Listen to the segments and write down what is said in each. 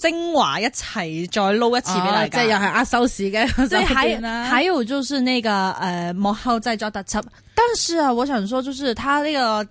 精華一齊再撈一次畀大家，啊、即係又係呃收市嘅即係還，有就是那個 呃幕後製作特輯，但是啊我想說，就是他那、這個。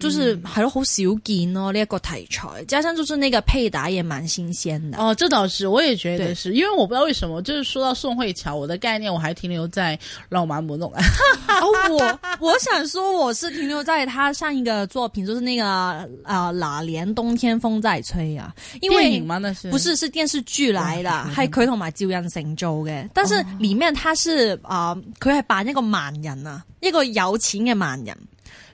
就是係、嗯、咯，好少見哦呢一個題材，加上就是那個配搭也蠻新鮮的。哦，這倒是，我也覺得對是，因為我不知道為什麼，就是說到宋慧喬，我的概念我還停留在《浪漫滿屋、 哦》我我想說我是停留在他上一個作品， 就是那個啊哪、呃、年冬天風在吹啊，因為電影嗎？那是不是是電視劇來的，係佢同埋趙寅成做嘅，哦、但是裏面他是啊佢係扮一個盲人啊，一個有錢嘅盲人。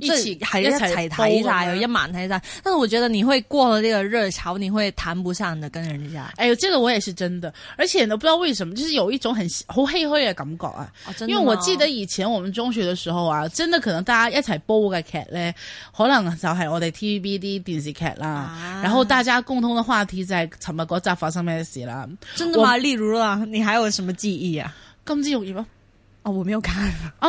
一起喺一齊起睇下，有一晚睇下。但係我覺得你會過了呢個熱潮，你會談不上的跟人家。哎呦，這個我也是真的，而且都不知道為什麼，就是有一種很好唏噓嘅感覺啊。哦、真的因為我記得以前我們中學的時候啊，真的可能大家一齊煲嘅劇呢，可能就係我哋 TVB 啲電視劇啦。啊、然後大家共同的話題就係尋日嗰集發生咩事啦。真的嗎？我例如啊，你還有什麼記憶啊？金枝玉葉啊？哦，我沒有看啊。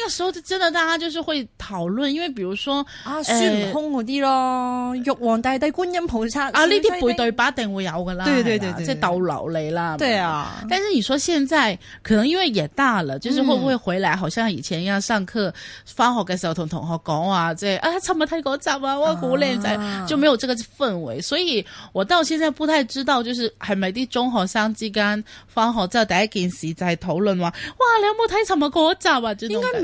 那個時候真係大家就是會討論，因為比如說啊孫悟空嗰啲咯，哎、玉皇大帝，帝、觀音菩薩啊，呢啲背對白一定會有噶啦，對對，對對對，即係刀老雷啦，對啊。但是你說現在可能因為也大了，就是會不會回來，嗯、好像以前一樣上課返學嘅時候同同學講話，即係啊，尋日睇嗰集啊，我好靚仔，啊、就沒有這個氛圍，所以我到現在不太知道，就是係咪啲中學生之間返學之後第一件事就係討論話、啊，哇，你有冇睇尋日嗰集啊？這種感覺應該。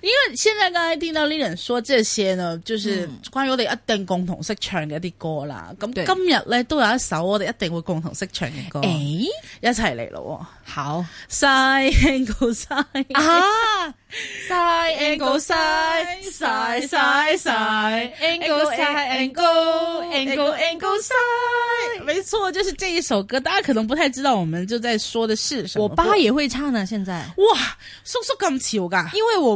因為現在剛才聽到呢人說，這些呢，就是關於我哋一定共同識唱嘅一啲歌啦。咁、嗯、今日咧都有一首我哋一定會共同識唱嘅歌，誒、欸，一齊嚟咯。好，side angle side 啊，side angle side side side side angle side angle angle side。沒錯，就是這一首歌。大家可能不太知道，我們就在說的是，什麼我爸也會唱呢、啊、現在哇叔叔咁潮㗎，因為我。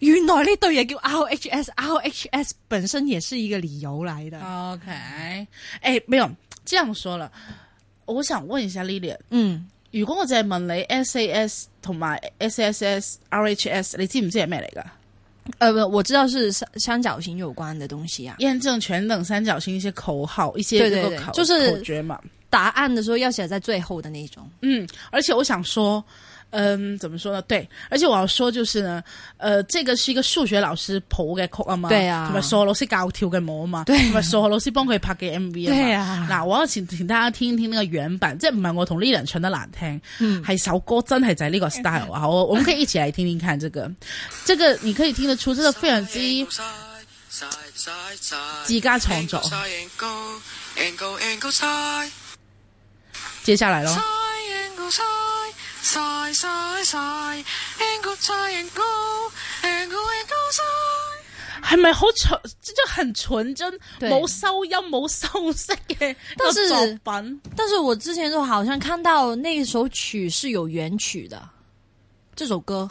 原來呢對嘢叫 RHS，RHS 本身也是一個理由來的。OK，誒、欸，沒有這樣說了，我想問一下莉莉嗯，如果我淨係問來和 HS, 你 SAS 同埋 SSS、RHS，你知唔知係咩嚟噶？誒，我知道是三角形有關的東西啊，驗證全等三角形一些口號，一些嗰個口對對對就是口訣嘛。答案的時候要寫在最後的那一種。嗯，而且我想說。嗯，怎麼說呢？對，而且我要說就是呢，呃，這個是一個數學老師譜嘅曲啊嘛，對啊咁啊，數學老師教跳嘅舞啊嘛，同埋對啊，數學老師幫佢拍嘅 MV 啊嘛。嗱，我要請，請大家聽一聽呢個原版，即係唔係我同呢人唱得難聽，係、嗯、首歌真係就係呢個 style 啊。 我我們可以一起來聽聽看這個，這個你可以聽得出，這個非常之自家創作。接下來咯。曬曬曬，陽光曬陽光，陽光陽光曬，係咪好純？這就很純真，冇收音，冇收音嘅。但是，但是，我之前都好像看到那首曲是有原曲的，這首歌。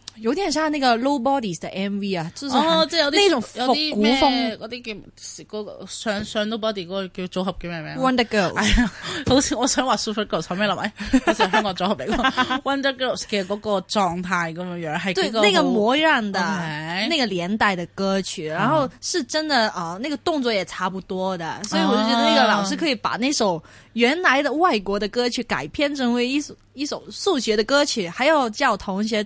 有點像那個 Nobody 的 MV 啊，就是、哦，即係有些那種古風嗰啲叫個上上 Nobody 嗰個叫組合叫咩名？Wonder Girls。好似、哎、呀我想話 Super Girls 面來啦？咪好似香港組合嚟嘅 Wonder Girls 嘅嗰個狀態咁嘅樣，係。對，個那個模樣的、Okay 那個年代的歌曲，然後是真的、嗯呃、那個動作也差不多的，所以我就覺得那個老師可以把那首原來的外國的歌曲改編成為一首一首數學的歌曲，還要叫同學，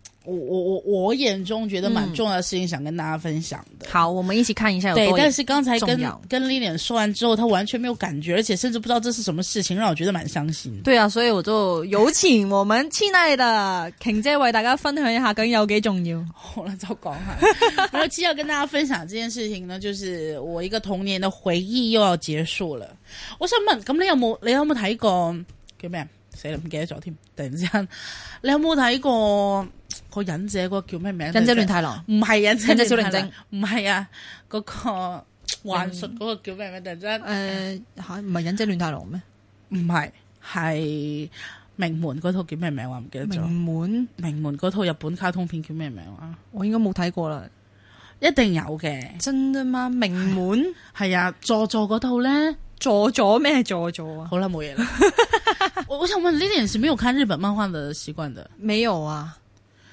我我我我眼中覺得蠻重要的事情，想跟大家分享的、嗯。好，我們一起看一下。對，但是剛才跟跟麗蓮說完之後，她完全沒有感覺，而且甚至不知道這是什麼事情，讓我覺得蠻傷心。對啊，所以我就有請我們親愛的 King 姐為大家分享一下，跟有幾重要。好了，糟糕哈！ 我接下來要跟大家分享這件事情呢，就是我一個童年的回憶又要結束了。我想問，咁你有冇？你有冇睇過叫咩？唔記得咗添，突然之間，你有冇睇過個忍者嗰個叫咩名？忍者亂太郎，唔係忍者亂太郎，唔係啊，嗰個幻術嗰個叫咩名？突然之間，誒嚇唔係忍者亂太郎咩？唔係，係、啊嗰個、名、呃、係係係名門嗰套叫咩名，我唔記得咗。名門名門嗰套日本卡通片叫咩名話？我應該冇睇過啦，一定有嘅。真嘅嘛，名門係啊的的，座座嗰套咧。做咗咩？做咗啊！好啦，冇嘢啦。我我想問，Lily 係沒有看日本漫畫的習慣的？沒有啊，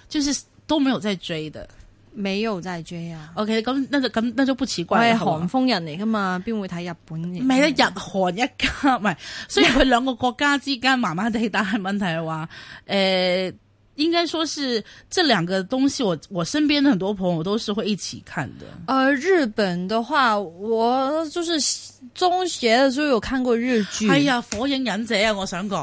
就是都沒有在追的，沒有在追啊。OK，咁那就咁那，那，那就不奇怪啦。係韓風人嚟噶嘛，邊吧會睇日本嘢？咪得日韓一家咪， 所以兩個國家之間慢慢喺度問問題話，誒、 呃，應該說是這兩個東西，我我身邊的很多朋友都是會一起看的。誒、呃，日本的話，我就是。中學的時候有看過日劇，哎啊，火影忍者啊，我想講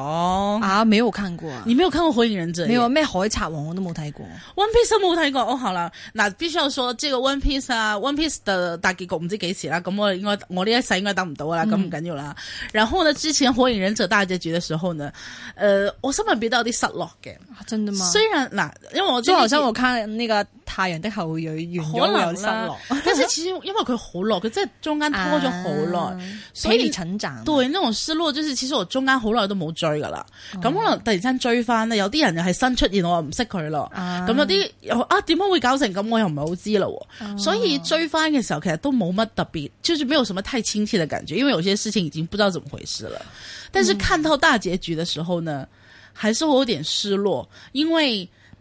啊，沒有看過，你沒有看過火影忍者，沒有咩海賊王我都冇睇過，One Piece 都冇睇過，我、oh, 好啦，嗱，必須要說即係個 One Piece 啊，One Piece 的大結局唔知幾時啦，咁我應該我呢一世應該等唔到啦，咁唔緊要啦。然後呢，之前火影忍者大結局的時候呢，誒、呃，我身邊有啲失落嘅、啊，真的嗎？雖然嗱，因為我就好像我看那個。太陽的後裔完咗又失落，但是其實因為佢好落，佢真係中間拖咗好耐，啊、所以你成長對呢種失落，就是其實我中間好耐都冇追噶啦。咁可能突然間追翻呢，有啲人又係新出現我、啊啊，我又唔識佢咯。咁有啲啊，點解會搞成咁？我又唔係好知啦。所以追翻嘅時候都冇乜特別，就是沒有什麼太親切的感覺，因為有些事情已經不知道怎麼回事了。但是看透大結局的時候呢，還是會有點失落，因為。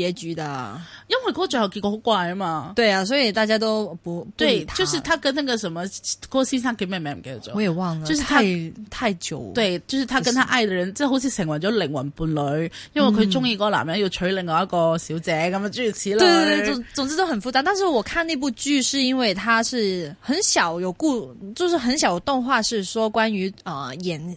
結局的，因為嗰最後結果好怪嘛，對啊，所以大家都不對，就是他跟那個什麼郭先生叫咩名，我也忘了，就是太太久了，對，就是他跟他愛的人，即、就是、好似成為咗靈魂伴侶，因為佢中意嗰個男人、嗯、要娶另外一個小姐咁樣，如、就是、此類對對對，總總之都很複雜。但是我看那部劇是因為他是很小有故，就是很小有動畫，是說關於啊、呃、演。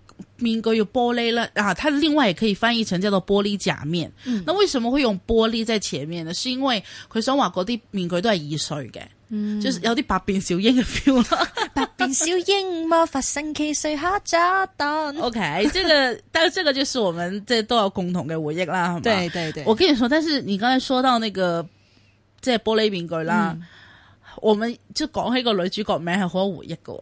面具要玻璃啦，啊，它另外也可以翻譯成叫做玻璃假面。嗯、那為什麼會用玻璃在前面呢？是因為佢想話嗰啲面具都係易碎嘅，嗯、就是有啲百變小櫻嘅 feel 咯。百變小櫻魔法神奇隨刻炸彈。OK，即、這、係、個，但係這個就是我們即係都有共同嘅回憶啦。 吧對對對，我跟你說，但是你剛才說到那個即係、就是、玻璃面具啦，嗯、我們即係講起個女主角名係好有回憶嘅。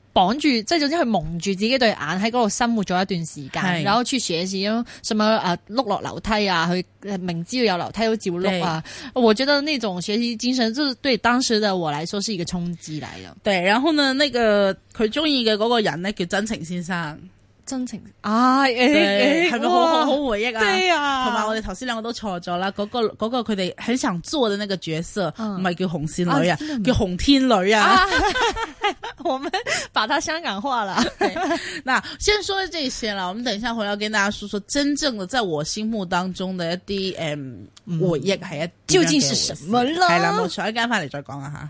綁住，即係總之佢矇住自己對眼喺嗰度生活咗一段時間，是然後出事。咁，什麼誒碌落樓梯啊，佢明知要有樓梯都照碌啊！是我覺得那種學習精神，就對當時的我嚟說是一個衝擊嚟嘅。對，然後呢，那個佢中意嘅嗰個人呢，叫真情先生。真情，係咪好好好回憶啊？啊！同埋我哋頭先兩個都錯咗啦，嗰個嗰個佢哋很想做的那個角色唔係叫紅線女啊，叫紅天女啊，我們把它香港化啦。嗱，先說這些啦，我們等一下我要跟大家說說真正的在我心目當中的一啲嗯回憶係一究竟是什麼啦？好，我一家翻嚟再講啊吓。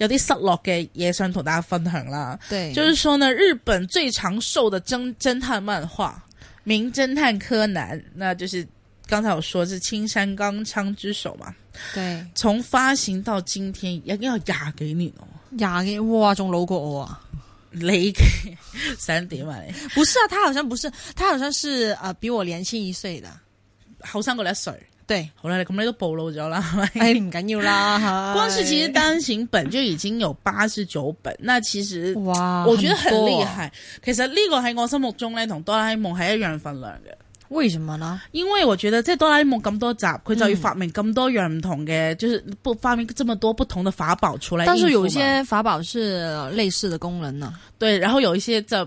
有啲失落嘅嘢想同大家分享啦，對，就是說呢，日本最長壽的偵偵探漫畫《名偵探柯南》，那就是剛才我說，是青山剛昌之手嘛，對，從發行到今天，一定要廿給你哦，廿嘅，哇，仲老過我啊，給三點啊？你不是啊，他好像不是，他好像是，呃，比我年輕一歲的，後生過你一歲。對，好啦，咁你都暴露咗、哎、啦。哎，唔緊要啦，光是其實單行本就已經有八十九本， 那其實哇，我覺得很厲害。其實呢個喺我心目中咧，同哆啦 A 夢係一樣份量嘅。為什麼呢？因為我覺得即係哆啦 A 夢咁多集，佢就要發明咁多樣唔同嘅，嗯、就是不發明咁多不同的法寶出嚟。但是有一些法寶是類似的功能呢、啊。對，然後有一些就。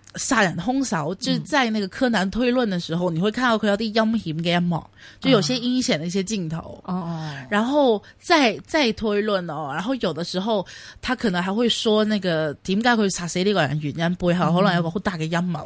殺人兇殺，就是在那個柯南推論的時候，嗯、你會看到佢有啲陰險嘅陰謀，就有些陰險的一些鏡頭。哦哦，然後再再推論哦，然後有的時候他可能還會說那個，點解佢殺死呢個人原因背後，可能、嗯、有個好大嘅陰謀。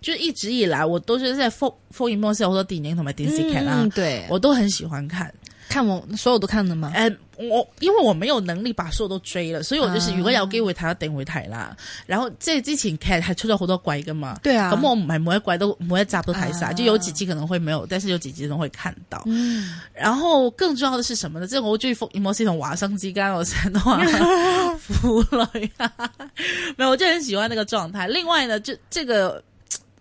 就一直以來，我都是在《封封印魔系統》第一年同埋第四季啊，對我都很喜歡看。看我所有我都看了嗎？哎、欸，我因為我沒有能力把所有都追了，所以我就是如果有機會睇，啊、要定回台啦。然後，即係之前劇還出咗好多季噶嘛，對啊。咁我唔係每一季都每一集都睇晒，啊、就有幾集可能會沒有，但是有幾集都會看到。嗯。然後，更重要的是什麼呢？這係我最封印魔系統瓦上機關，我的話服了呀。 沒有，我就很喜歡那個狀態。另外呢，就這個。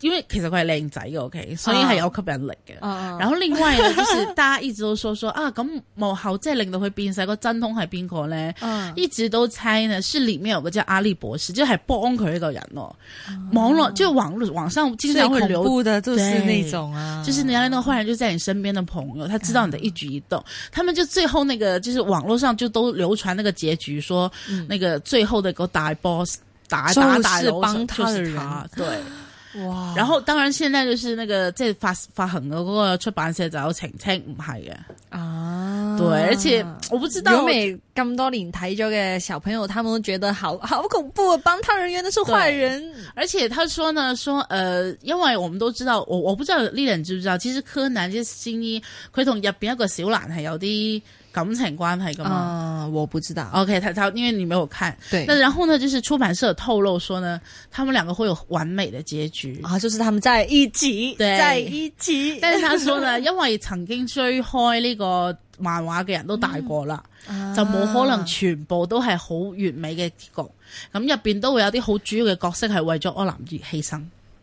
因為其實佢係靚仔嘅，OK，所以係有吸引力嘅。Uh, uh, uh, 然後另外，呢，就是大家一直都說說 啊，咁、嗯、某好，再係都會佢變細、那個真凶係邊個呢，咧？Uh, 一直都猜呢，是裏面有個叫阿力博士，就還幫佢一個人咯、喔。Uh, 網絡就網絡網上經常會流佈的，就是那種啊，就是原來那個壞人就在你身邊的朋友，他知道你的一舉一動。Uh, 他們就最後那個，就是網絡上就都流傳那個結局說，說、嗯、那個最後的個大 boss 打打打，是幫就是幫他，對。哇！然後當然，現在就是那個即係發發行嗰個出版社就有澄清唔係嘅啊，對，而且我不知道咁多領台咗嘅小朋友，他們都覺得好好恐怖、啊，幫他人員都是壞人，而且他說呢，說，呃，因為我們都知道，我我不知道呢人知唔知道，其實柯南啲新衣佢同入邊一個小蘭係有啲。感情關係㗎嘛、啊？我不知道。OK，他他因為你沒有看。對，但然後呢，就是出版社透露說呢，他們兩個會有完美的結局。啊，就是他們在一起，對在一起。但係他說呢， 因為曾經追開呢個漫畫嘅人都大個啦，嗯啊、就冇可能全部都係好完美嘅結局。咁入邊都會有啲好主要嘅角色係為咗柯南而犧牲。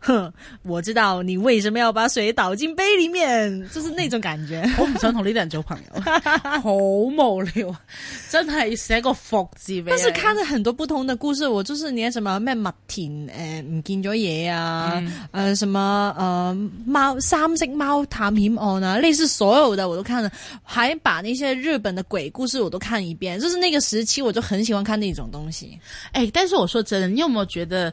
哼，我知道你為什麼要把水倒進杯裏面，就是那種感覺。Oh, 我唔想同你倆做朋友， 好無聊， 真係寫個福字。但是看着很多不同的故事，我就是連什麼咩馬田誒唔見咗嘢啊，mm hmm. 呃什麼呃貓三 o 貓 t him on 啊，類似所有的我都看了，還把那些日本的鬼故事我都看一遍。就是那個時期，我就很喜歡看那種東西。哎、欸，但是我說真的，你有沒有覺得？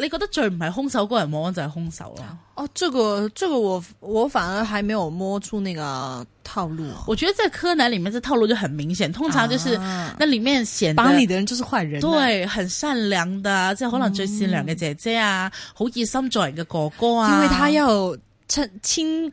你覺得最唔係凶手嗰個人，往往就係、是、凶手啦。哦、啊，這個，這個我我反而還沒有摸出那個套路。我覺得在柯南裏面，這套路就很明顯，通常就是那裏面顯幫、啊、你的人就是壞人，對，很善良的，即可能最錫兩個姐姐啊，好熱、嗯、心做一個哥哥啊，因為他要親。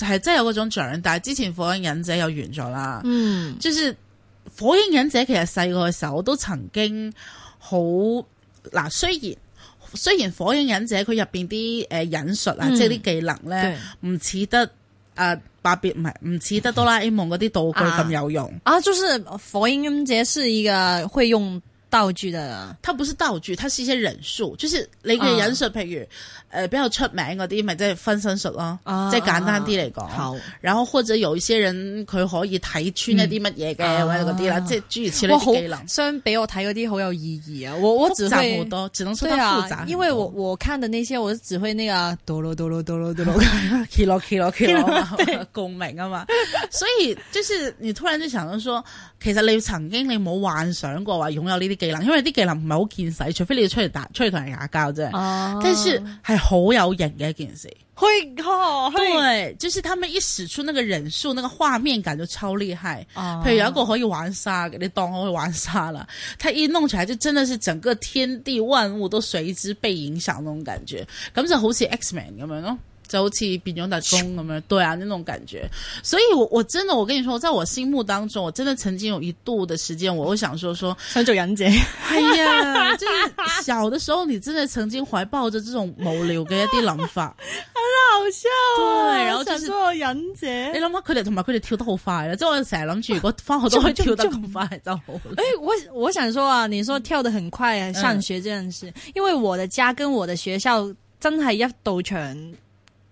就係真係有嗰種長大，但係之前《火影忍者》又完咗啦。嗯，就是《火影忍者》其實細個嘅時候，都曾經好嗱。雖然雖然《火影忍者》佢入邊啲誒忍術啊，即係啲技能咧，唔似得誒百變，唔係唔似得哆啦 A 夢嗰啲道具咁有用啊！就是《火影忍者》是一個會用。道具嘅，佢唔係道具，佢係一些忍術，就是你嘅忍術，譬如誒比較出名嗰啲，咪即係分身術咯，即係簡單啲嚟講。然後或者有一些人佢可以睇穿一啲乜嘢嘅或者嗰啲啦，即係諸如此類嘅技能。相比我睇嗰啲好有意義啊！我我只會，只能說複雜，因為我我看的那些，我只會那個哆囉哆囉哆囉哆囉，kilo kilo kilo，共鳴啊嘛。所以就是你突然之間想說，其實你曾經你冇幻想過話擁有呢啲。技能，因為啲技能唔係好見使，除非你要出嚟打，出嚟同人嗌交啫。Oh. 但是係好有型嘅一件事。去，oh. oh. 對，就是他們一使出那個忍術，那個畫面感就超厲害。譬如有一個可以玩沙，oh. 你當我可以玩沙啦。他一弄起來，就真的是整個天地萬物都隨之被影響，那種感覺，咁就好似 Xman 咁樣咯。走起比牛打工咁樣。對啊，那種感覺。所以我，我我真的，我跟你說，在我心目當中，我真的曾經有一度的時間，我會想說說想做忍者，哎呀。 就是小的時候，你真的曾經懷抱着這種無聊嘅一啲諗法，好搞笑啊！然後就是、然後想做忍者，你諗下，佢哋同埋佢哋跳得好快啊，即係我成日諗住，如果返學都可以跳得咁快就好。誒，我我想說啊，你說跳得很快，啊，上學這樣子，嗯、因為我的家跟我的學校真係要斗長。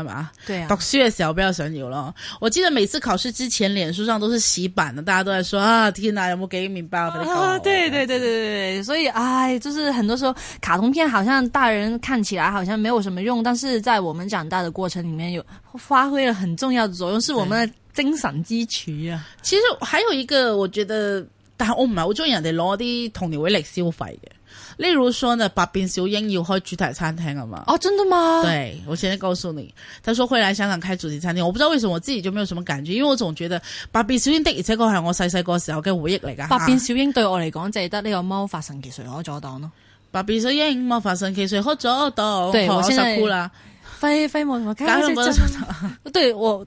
係嘛？對，對啊，讀書少，不要想有咯。我記得每次考試之前，臉書上都是洗版的，大家都在說啊，天哪有沒有給你啊，有冇 get 明白？啊，對對對對對對，所以唉，就是很多時候卡通片，好像大人看起來好像沒有什麼用，但是在我們長大的過程裏面有發揮了很重要的作用，是我們的精神支柱啊。嗯、其實還有一個，我覺得，但我唔係好中意人哋攞啲同年回憶消費嘅。例如說呢，百變小櫻要開主題餐廳了嘛？哦，啊、真的嗎？對，我現在告訴你，他說會來香港開主題餐廳。我不知道為什麼我自己就沒有什麼感覺，因為我總覺得百變小櫻的，的，的，而且個係我細細個時候嘅回憶嚟噶。百變小櫻對我嚟講，就係得呢個魔法神奇誰可阻擋咯。百變小櫻魔法神奇誰可阻擋，對，我先哭了。飛飛魔什麼，什麼？ 對，我。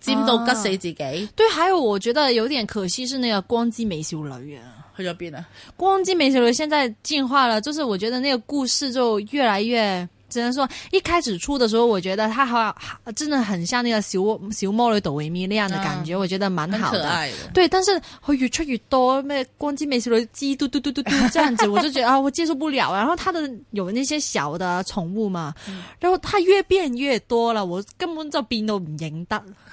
尖到吉死自己，啊，對，還有我覺得有點可惜是那個光之美少女啊，去咗邊啊？光之美少女現在進化了，就是我覺得那個故事就越來越，只能說一開始出的時候，我覺得他好，真的很像那個小小魔女朵唯咪那樣的感覺，啊，我覺得蠻好嘅，很可愛的，對，但是佢越出越多咩光之美少女，嘰嘟嘟嘟嘟嘟這樣子，我就覺得 啊，我接受不了。然後她的有那些小的寵物嘛，然後她越變越多了，我根本就變都唔認得。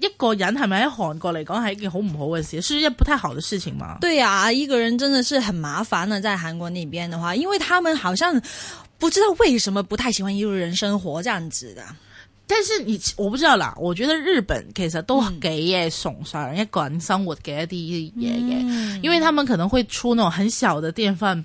一個人係咪喺韓國嚟講係一件好唔好嘅事？是一件不太好的事情嘛。對啊，一個人真的是很麻煩呢，啊，在韓國那邊的話，因為他們好像不知道為什麼不太喜歡一個人生活這樣子的。但是你，我不知道啦，我覺得日本其實都給嘢送嘅，因為、嗯、一個人生活嘅啲嘢嘅，嗯，因為他們可能會出那種很小的電飯。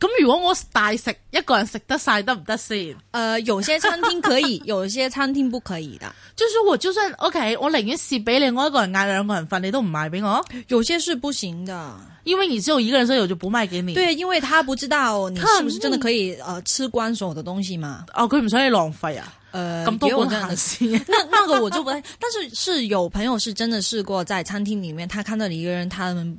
咁如果我大食，一個人食得晒得唔得先？誒，有些餐廳可以，有些餐廳不可以的。就是我就算 OK，我寧願是俾另外一個人嗌，兩個人份，你都唔賣俾我。有些是不行的，因為你只有一個人，所以我就不賣給你。對，因為他不知道你是不是真的可以誒吃光所有的東西嘛。哦，佢唔想你浪費啊。誒，咁多個人先，那那個我就唔，但是是有朋友是真的試過在餐廳裏面，他看到你一個人，他們。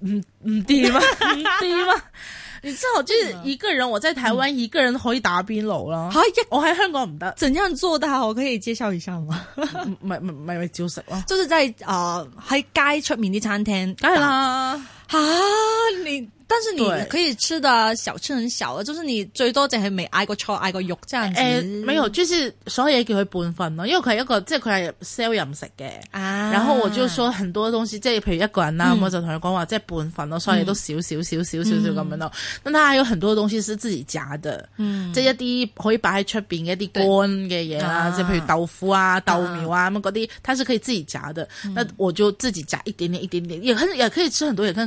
唔唔掂啊！唔掂啊！你知道，即係一個人，我在台灣一個人可以打邊爐啦。哎呀， 嗯、我喺香港唔得。怎樣做得，我可以介紹一下嗎？咪咪咪咪照食咯，即係在誒喺、呃、街出面啲餐廳。梗係啦。啊！你，但是你可以吃的小吃很小，就是你最多就係未挨過菜挨過肉這樣子。誒，沒有，就是所有嘢叫佢半份咯，因為佢係一個即係佢係 sell 任食嘅。啊，然後我就說很多東西，即係譬如一個人啦，我就同佢講話即係半份咯，所以都少少少少少少咁樣咯。咁他還有很多東西是自己夾的，嗯，即係一啲可以擺喺出邊嘅一啲乾嘅嘢啦，即係譬如豆腐啊、豆苗啊咁嗰啲，它是可以自己夾的。那我就自己夾一點點一點點，也很也可以吃很多，也可以。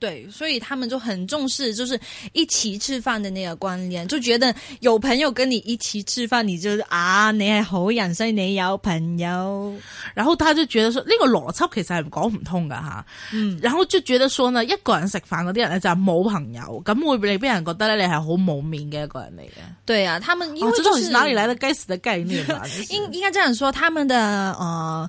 對，所以他們就很重視，就是一起吃飯的那個關聯，就覺得有朋友跟你一起吃飯，你就啊，你係好人，所以你有朋友。然後他就覺得說呢、這個邏輯其實係講唔通的哈，嗯，然後就覺得說呢，一個人食飯嗰啲人咧就係冇朋友，咁會唔會俾人覺得咧，你係好冇面嘅一個人嚟嘅。對啊，他們因為、就是、啊、哪裏來的該死的概念啊？ 應應該這樣說，他們的呃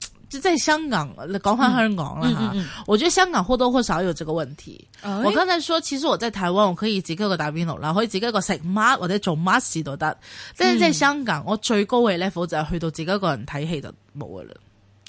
即係香港，講翻香港啦哈，嗯嗯嗯嗯、我覺得香港或多或少有這個問題。欸、我剛才說，其實我在台灣，我可以自己一個打邊爐啦，可以自己一個食乜或者做乜事都得。但係在香港，嗯、我最高嘅 level 就係去到自己一個人睇戲就冇噶啦。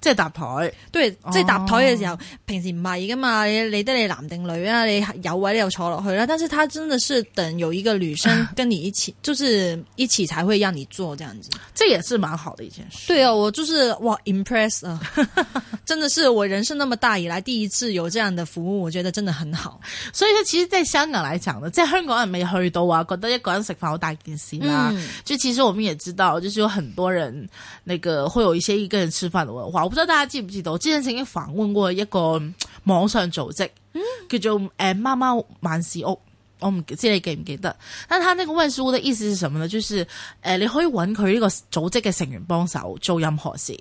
即係搭台，對，即係搭台嘅時候，平時唔係噶嘛，你理得你男定女啊，你有位你又坐落去啦。但是他真的是等有一個女生跟你一起，啊、就是一起才會讓你坐這樣子。這也是蠻好的一件事。對啊，我就是哇 impress 啊， 真的是我人生那麼大以來第一次有這樣的服務，我覺得真的很好。所以，說其實在香港來講呢，在香港係沒去到啊，覺得一個人食飯好大件事啦。嗯、就其實我們也知道，就是有很多人那個會有一些一個人吃飯的文化。我唔知大家知唔知道？之前曾經訪問過一個網上組織，嗯、叫做誒貓貓萬事屋。我唔知你記唔記得？但係佢呢個萬事屋的意思是什麼呢？就是誒、呃，你可以揾佢呢個組織嘅成員幫手做任何事，誒、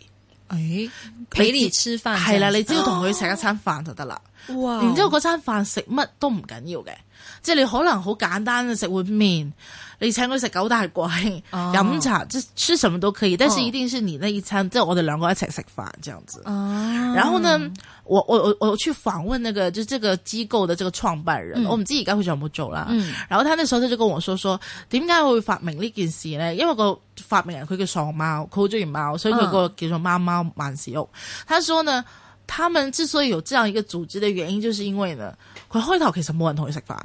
欸，俾你是吃飯係啦，你只要同佢食一餐飯就得啦。哇！然之後嗰餐飯食乜都唔緊要嘅，即係你可能好簡單食碗麵。你請佢食九大簋、飲茶，即、oh。吃什麼都可以，但是一定是你那一餐，即係，oh。我哋兩個一齊食飯，這樣子。Oh。然後呢，我我我我去訪問那個，就這個機構的這個創辦人，嗯、我唔知而家佢仲有冇做啦。嗯、然後他那時候他就跟我說,說，說點解會發明呢件事呢？因為個發明人佢叫傻貓，佢好中意貓，所以佢個叫做貓貓萬事屋。他說呢，他們之所以有這樣一個組織的原因，就是因為呢，佢開頭其實冇人同佢食飯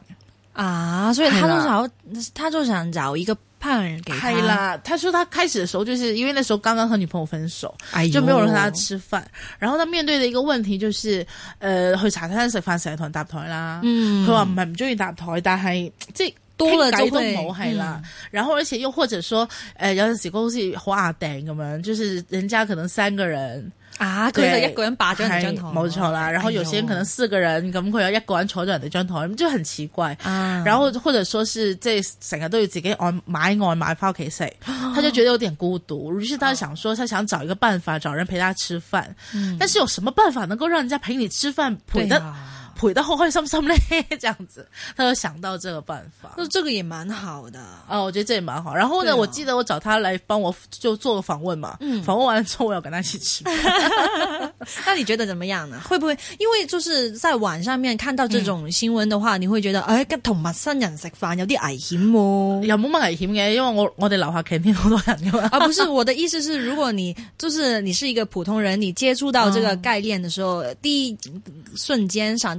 啊，所以他就想，了他就想找一個胖人給他。啦，他說他開始的時候就是因為那時候剛剛和女朋友分手，哎、呦就沒有人和他吃飯。然後他面對的一個問題就是，呃，去茶餐廳食飯成日同人搭台啦。打嗯，佢話唔係唔中意搭台，但係即係多了就會。嗨啦，嗯、然後而且又或者說，呃，有幾公司好阿呆咁樣，就是人家可能三個人。啊！佢就對一個人霸咗兩張台冇錯啦，對然後有些人可能四個人咁、哎、呦可能一個人坐兩張台，就很奇怪。啊、然後或者說是這，即係成日都要自己外賣外賣翻屋企食，他就覺得有點孤獨。於是他想說，啊、他想找一個辦法，找人陪他吃飯。嗯、但是有什麼辦法能夠讓人家陪你吃飯陪得？對啊回到後海什麼什這樣子，他就想到這個辦法。那這個也蠻好的啊，我覺得這也蠻好。然後呢，哦、我記得我找他來幫我就做個訪問嘛。訪、嗯、問完了之後，我要跟他一起吃。 那你覺得怎麼樣呢？會不會因為就是在網上面看到這種新聞的話，嗯、你會覺得哎，跟同陌生人食飯有啲危險、哦？有冇乜危險嘅？因為我我哋樓下前面好多人噶 啊，不是，我的意思是，如果你就是你是一個普通人，你接觸到這個概念的時候，嗯、第一瞬間上。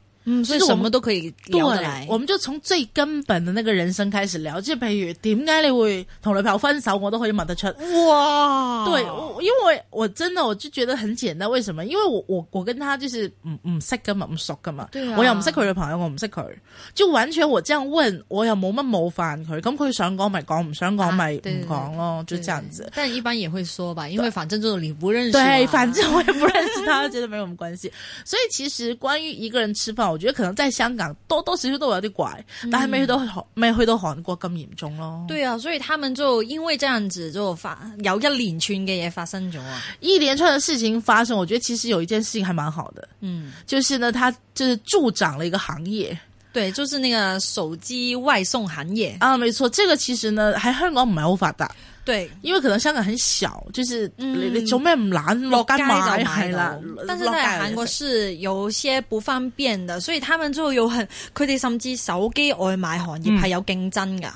嗯，所以什麼都可以聊得來，所以我，對，我們就從最根本的那個人生開始聊。即係譬如點解你會同女朋友分手，我都可以問得出。哇，對我，因為我真的我就覺得很簡單。為什麼？因為我我我跟他就是唔唔識噶嘛，唔熟噶嘛。對、啊，我又唔識佢嘅朋友，我唔識佢，就完全我這樣問，我又冇乜冒犯佢。咁佢想講咪講，唔想講咪唔講咯，啊、就這樣子。但一般也會說吧，因為反正就你不認識對，對，反正我也不認識他，覺得 沒有什麼關係。所以其實關於一個人吃飯。我覺得可能在香港多多少少都有啲怪，但還未去到韓未去到韓國咁嚴重咯。對啊，所以他們就因為這樣子就發有一連串嘅嘢發生咗。一連串的事情發生，我覺得其實有一件事情還蠻好的，嗯，就是呢，他就是助長了一個行業，對，就是那個手機外送行業啊，沒錯，這個其實呢喺香港唔係好發達。對，因為可能香港很小，就是你、嗯、你做咩唔難落街買啦。但是在韓國是有些不方便的，的所以他們就有很佢哋甚至手機外賣行業係有競爭噶。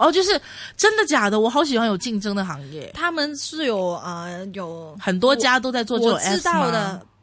嗯、哦，就是真的假的？我好喜歡有競爭的行業，他們是有啊、呃，有很多家都在做製造我的。 S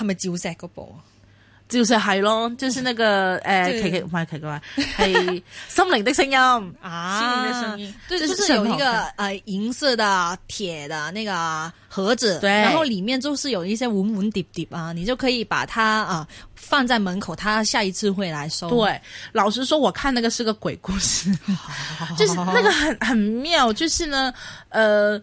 係咪招石嗰部？招石係咯，就是那個誒，奇奇唔係奇怪啊，係心靈的聲音啊，心靈的聲音，對，就是有一個呃銀色的鐵的那個盒子，對然後裏面就是有一些文文疊疊啊，你就可以把它啊、呃、放在門口，他下一次會來收。對，老實說，我看那個是個鬼故事，哦、就是那個很很妙，就是呢，呃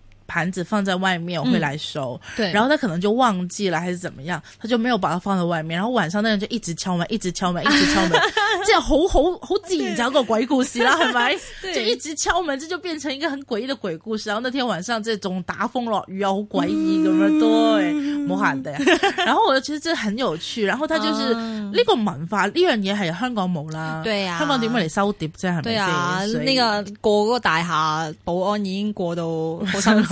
盤子放在外面，我會來收。對，然後他可能就忘記了，還是怎麼樣，他就沒有把它放在外面。然後晚上，那人就一直敲門，一直敲門，一直敲門，即係好好好緊張一個鬼故事啦，係咪？就一直敲門，這就變成一個很詭異的鬼故事。然後那天晚上，這種打風落雨，好詭異咁樣，對，冇喊的。然後我就覺得這很有趣。然後，他就是呢個文化呢樣嘢係香港冇啦。對呀，香港點會嚟收碟啫？係咪？對啊，呢個過嗰個大廈保安已經過到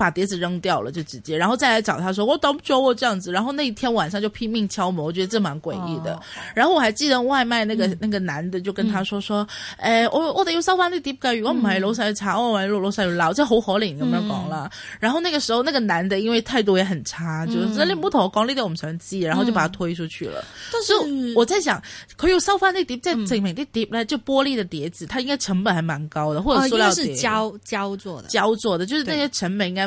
把碟子扔掉了就直接，然後再來找他說我等不着我這樣子，然後那一天晚上就拼命敲門，我覺得這蠻詭異的。然後我還記得外賣那個那個男的就跟他說說，誒我我得要收翻啲碟噶，如果唔係老細要炒我，或者老老細要鬧，真係好可憐咁樣講啦。然後那個時候那個男的因為態度也很差，就是唔好同我講呢啲，我唔想知，然後就把他推出去了。但是我在想，佢要收翻啲碟，即係證明啲碟呢，就玻璃的碟子，它應該成本還蠻高的，或者塑料是膠膠做的，膠做的就是那些成本應該。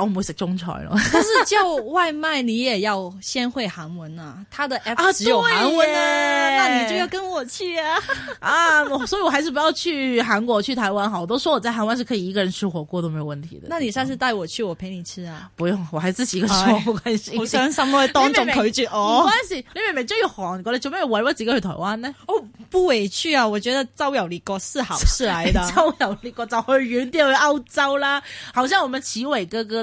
我唔會食中菜咯，但是叫外賣，你也要先會韓文啊。他 的 app 只有韓文啊，啊那你就要跟我去啊。啊 ，um, 所以我還是不要去韓國，去台灣好。我都說我在台灣是可以一個人吃火鍋都沒有問題的。那你下次帶我去，我陪你吃啊。不用，我係之前個錯誤，好傷唉心啊！當眾拒絕我，唔關事。你明明中意韓國，你做咩要委屈自己去台灣呢？哦，不委屈啊，我覺得周遊列國是好事嚟的。周遊列國就去遠啲去歐洲啦，好像我們奇偉哥哥。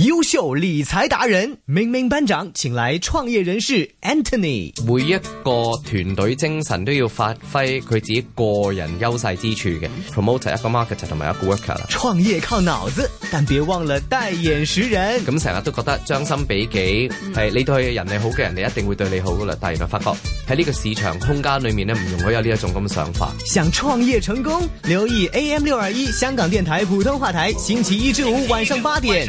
優秀理財達人明明班長，請來創業人士 Anthony。每一個團隊精神都要發揮佢自己個人優勢之處嘅，promoter 一個 market 同埋一個 worker。創業靠腦子，但別忘了帶眼識人。咁成日都覺得將心比己，係、嗯哎、你對人哋好嘅人，你一定會對你好噶啦。但係原來發覺喺呢個市場空間裏面咧，唔容許有呢一種咁嘅想法。想創業成功， 留意 AM 六二一香港電台普通話台，星期一至五晚上八點。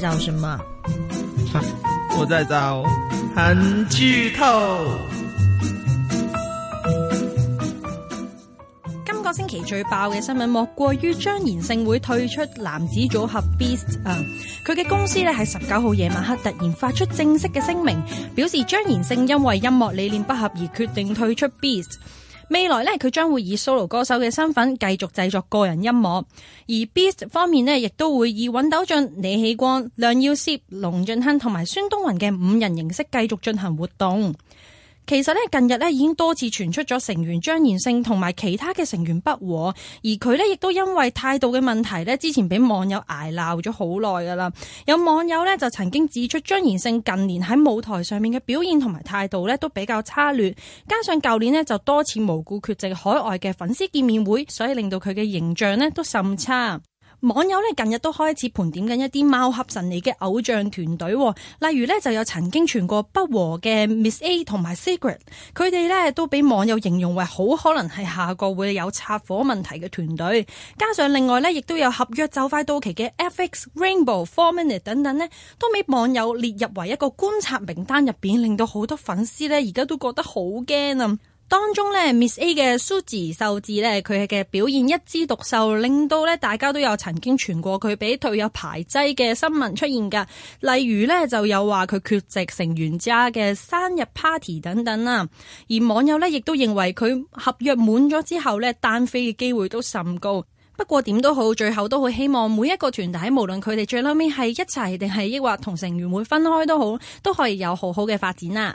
就什麼、啊？我在找韓劇透。今個星期最爆嘅新聞，莫過於張賢勝會退出男子組合 BEAST。啊，佢嘅公司咧，喺十九號夜晚黑突然發出正式嘅聲明，表示張賢勝因為音樂理念不合而決定退出 BEAST。未來咧，佢將會以 Solo 歌手嘅身份繼續製作個人音樂；而 Beast 方面呢亦都會以尹斗俊、李起光、梁耀燮、龍俊亨同埋孫東雲嘅五人形式繼續進行活動。其實呢，近日呢已經多次傳出咗成員張賢勝同埋其他嘅成員不和，而佢呢亦都因為態度嘅問題呢，之前俾網友挨鬧咗好耐噶啦。有網友呢就曾經指出，張賢勝近年喺舞台上面嘅表現同埋態度呢都比較差劣，加上舊年呢就多次無故缺席海外嘅粉絲見面會，所以令到佢嘅形象呢都甚差。網友咧，近日都開始盤點緊一啲貌合神離嘅偶像團隊，例如咧就有曾經傳過不和嘅 Miss A 同埋 Secret，佢哋咧都俾網友形容為好可能係下個會有拆夥問題嘅團隊。加上另外咧，亦都有合約就快到期嘅 FX Rainbow、Four Minute 等等呢，都俾網友列入為一個觀察名單入邊，令到好多粉絲咧而家都覺得好驚啊！當中呢 Miss A 嘅 Suzy 秀智咧，佢嘅表現一枝獨秀，令到呢大家都有曾經傳過佢俾隊友排擠嘅新聞出現噶。例如呢就有話佢缺席成員家嘅生日 party 等等啦。而網友呢亦都認為佢合約滿咗之後呢單飛嘅機會都甚高。不過點都好，最後都好希望每一個團體，無論佢哋最嬲尾係一齊定係，抑或同成員會分開都好，都可以有好好嘅發展啊。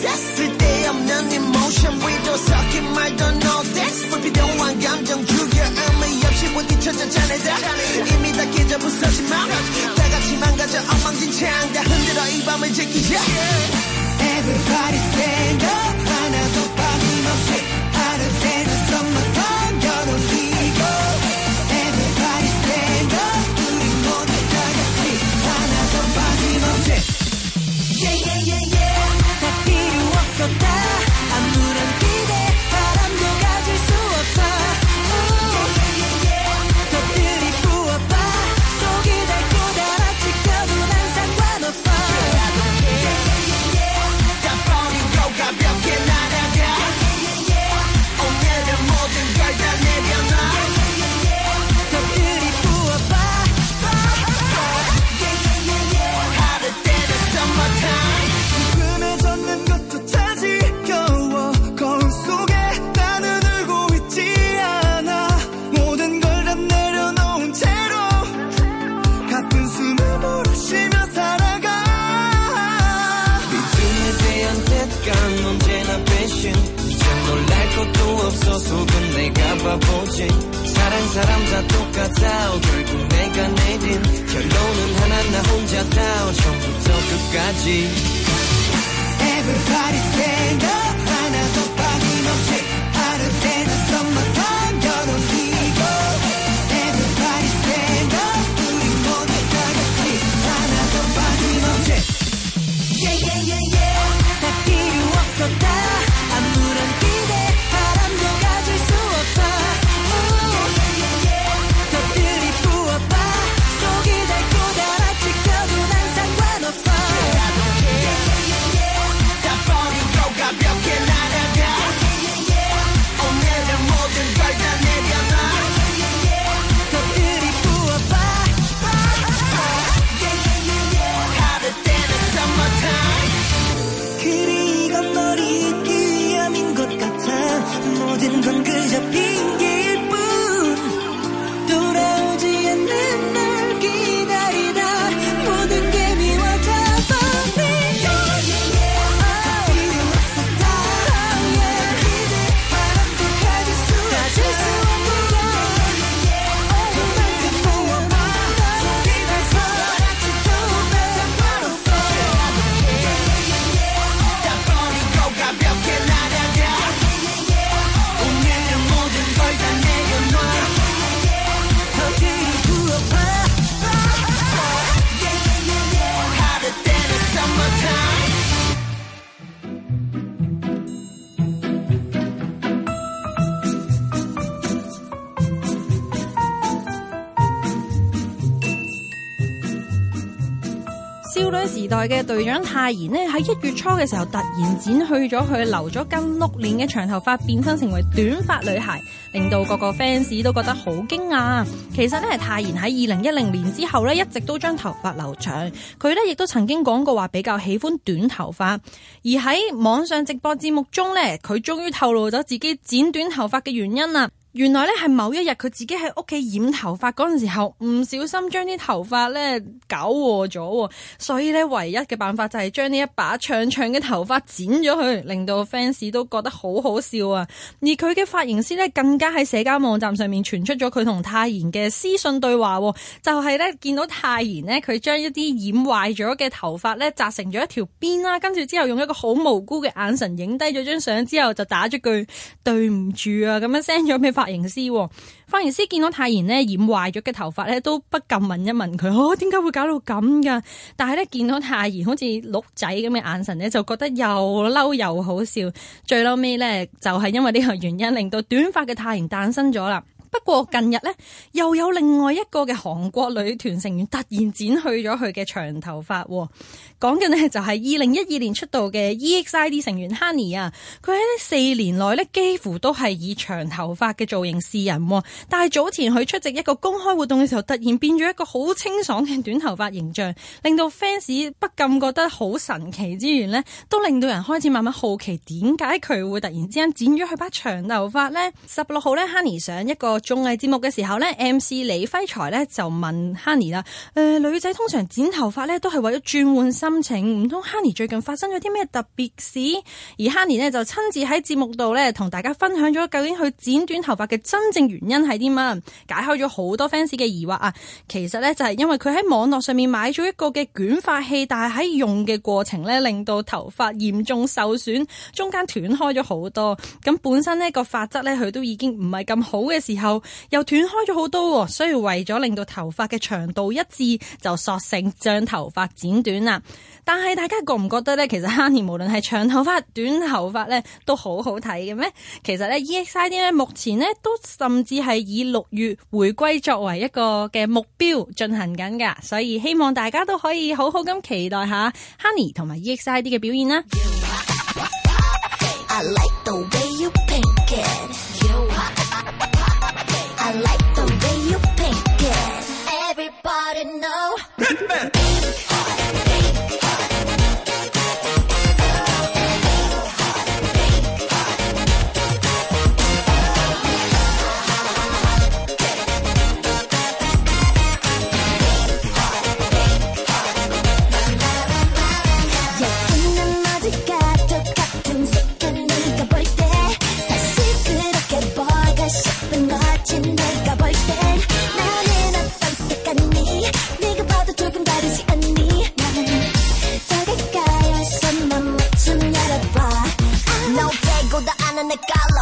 嘅隊長泰妍咧喺一月初嘅時候突然剪去咗佢留咗近六年嘅長頭髮，變身成為短髮女孩，令到各個 fans 都覺得好驚訝。其實咧，泰妍喺二零一零年之後咧，一直都將頭髮留長。佢咧亦都曾經講過話比較喜歡短頭髮，而喺網上直播節目中咧，佢終於透露咗自己剪短頭髮嘅原因啦。原來咧係某一日佢自己喺屋企染頭髮嗰陣時候，唔小心將啲頭髮咧搞和咗，所以咧唯一嘅辦法就係將呢一把長長嘅頭髮剪咗佢，令到 fans 都覺得好好笑啊！而佢嘅髮型師咧更加喺社交網站上面傳出咗佢同泰妍嘅私信對話，就係咧見到泰妍呢，佢將一啲染壞咗嘅頭髮咧紮成咗一條辮啦，跟住之後用一個好無辜嘅眼神影低咗張相之後就打咗句對唔住啊咁樣 send 咗咩？」髮型師，髮型師見到太妍染壞咗嘅頭髮咧，都不禁問一問佢：哦、啊，點解會搞到咁噶？但係咧見到太妍好似鹿仔咁嘅眼神咧，就覺得又嬲又好笑。最嬲尾咧，就係因為呢個原因，令到短髮嘅太妍誕生咗啦。不過近日呢，又有另外一個嘅韓國女團成員突然剪去咗佢嘅長頭髮。講嘅呢就係二零一二年出道嘅 EXID 成員 Hani 啊，佢喺呢四年內呢幾乎都係以長頭髮嘅造型示人，但係早前佢出席一個公開活動嘅時候，突然變咗一個好清爽嘅短頭髮形象，令到 fans 不禁覺得好神奇之餘呢，都令到人開始慢慢好奇點解佢會突然之間剪咗佢把長頭髮呢。十六號呢 Hani 上一個綜藝節目嘅時候呢，MC 李輝才呢就問 Hani 啦、呃，女仔通常剪頭髮呢都係為咗轉換心。心情唔通 Honey 最近發生咗啲咩特別事？而 Honey 呢，就親自喺節目度呢同大家分享咗究竟佢剪短頭髮嘅真正原因係啲乜？解開咗好多 fans 嘅疑惑啊！其實呢，就係因為佢喺網絡上面買咗一個嘅捲髮器，但係喺用嘅過程呢，令到頭髮嚴重受損，中間斷開咗好多。咁本身呢個髮質呢，佢都已經唔係咁好嘅時候，又斷開咗好多，所以為咗令到頭髮嘅長度一致，就索性將頭髮剪短啦。但係大家覺唔覺得咧，其實 Honey 無論係長頭髮、短頭髮咧，都好好睇嘅咩？其實咧，EXID 咧目前咧都甚至係以六月回歸作為一個嘅目標進行緊噶，所以希望大家都可以好好咁期待下 Honey 同埋 EXID 嘅表現啦。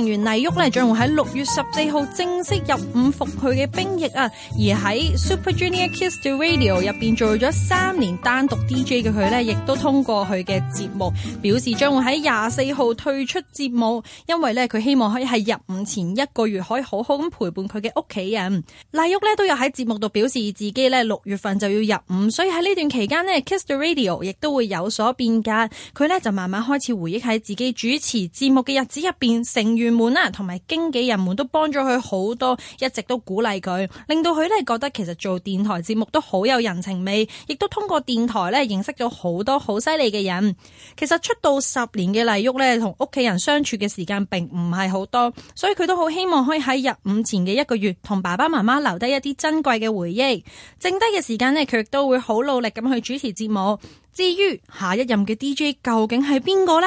成員黎旭咧將會喺六月十四號正式入伍服佢嘅兵役啊！而喺 Super Junior Kiss the Radio 入邊做咗三年單獨 DJ 嘅佢咧，亦都通過佢嘅節目表示將會喺廿四號退出節目，因為咧佢希望可以喺入伍前一個月可以好好咁陪伴佢嘅屋。企人厲旭咧都有喺節目度表示自己咧六月份就要入伍，所以喺呢段期間咧，Kiss the Radio 亦都會有所變革。佢咧就慢慢開始回憶喺自己主持節目嘅日子入邊，成員們啦，同埋經紀人們都幫咗佢好多，一直都鼓勵佢，令到佢咧覺得其實做電台節目都好有人情味，亦都通過電台咧認識咗好多好犀利嘅人。其實出道十年嘅厲旭咧，同屋企人相處嘅時間並唔係好多，所以佢都好希望可以喺入伍前嘅一個月。同爸爸媽媽留低一啲珍貴嘅回憶剩，剩低嘅時間呢，佢亦都會好努力咁去主持節目。至於下一任嘅 DJ 究竟係邊個呢？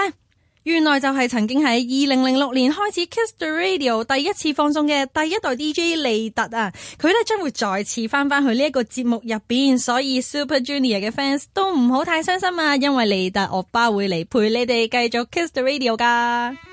原來就係曾經喺二零零六年開始 Kiss the Radio 第一次放送嘅第一代 DJ 利特啊！佢咧將會再次返返去呢一個節目入邊，所以 Super Junior 嘅 fans 都唔好太傷心啊，因為利特 Oppa 會嚟陪你哋繼續 Kiss the Radio 噶。